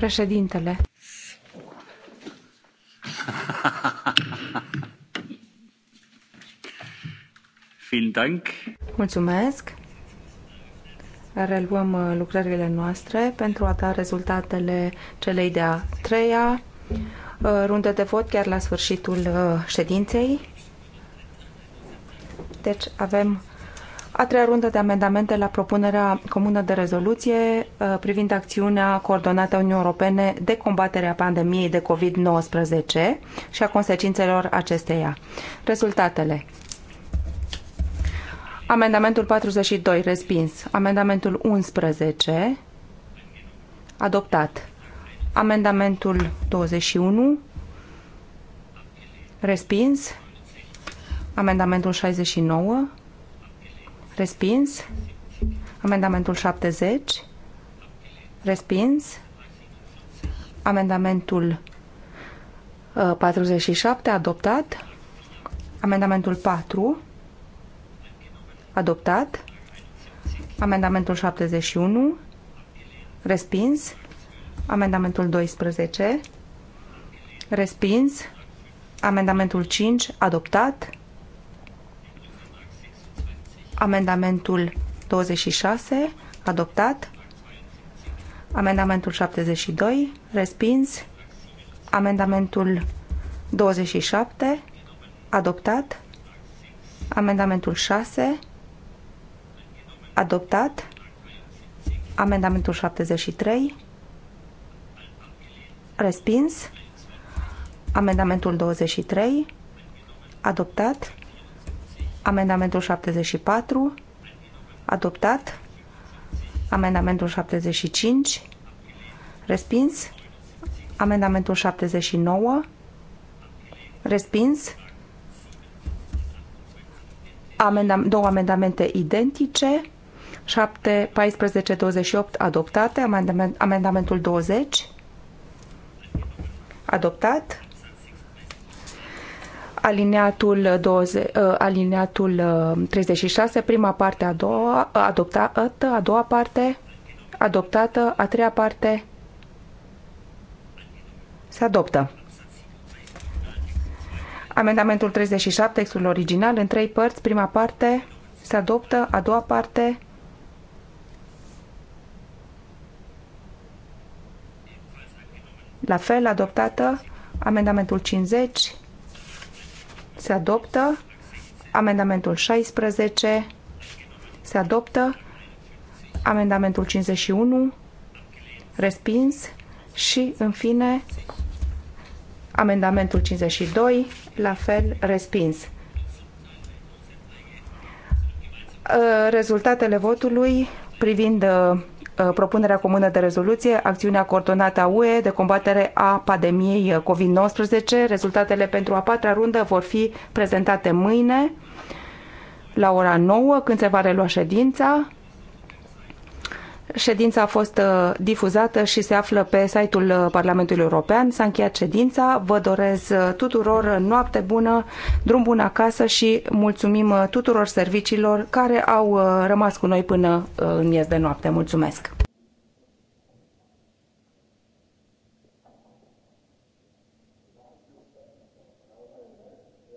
Președintele. Mulțumesc. Reluăm uh, lucrările noastre pentru a da rezultatele celei de-a treia uh, runde de vot chiar la sfârșitul uh, ședinței. Deci avem a treia rundă de amendamente la propunerea comună de rezoluție uh, privind acțiunea coordonată a Uniunii Europene de combatere a pandemiei de COVID-19 și a consecințelor acesteia. Rezultatele. Amendamentul 42 respins. Amendamentul 11 adoptat. Amendamentul 21 respins. Amendamentul 69 Respins. Amendamentul 70. Respins. Amendamentul 47. Uh, adoptat. Amendamentul 4. Adoptat. Amendamentul 71. Respins. Amendamentul 12. Respins. Amendamentul 5. Adoptat. Amendamentul 26, adoptat. Amendamentul 72, respins. Amendamentul 27, adoptat. Amendamentul 6, adoptat. Amendamentul 73, respins. Amendamentul 23, adoptat. Amendamentul 74, adoptat. Amendamentul 75, respins. Amendamentul 79, respins. Amendam două amendamente identice, 7, 14, 28 adoptate, amendament, amendamentul 20 adoptat, alineatul, 20, ă, alineatul 36, ă, prima parte a doua, ă, adoptată, a doua parte adoptată, a treia parte se adoptă. Amendamentul 37, textul original, în trei părți, prima parte se adoptă, a doua parte la fel adoptată, amendamentul 50 se adoptă. Amendamentul 16. Se adoptă. Amendamentul 51. Respins. Și, în fine, amendamentul 52, la fel respins. Rezultatele votului privind uh, Uh, propunerea comună de rezoluție, acțiunea coordonată a UE de combatere a pandemiei uh, COVID-19. Rezultatele pentru a patra rundă vor fi prezentate mâine la ora 9, când se va relua ședința Ședința a fost uh, difuzată și se află pe site-ul uh, Parlamentului European. S-a încheiat ședința. Vă doresc uh, tuturor noapte bună, drum bun acasă și mulțumim tuturor serviciilor care au rămas cu noi până în miez de noapte. Mulțumesc!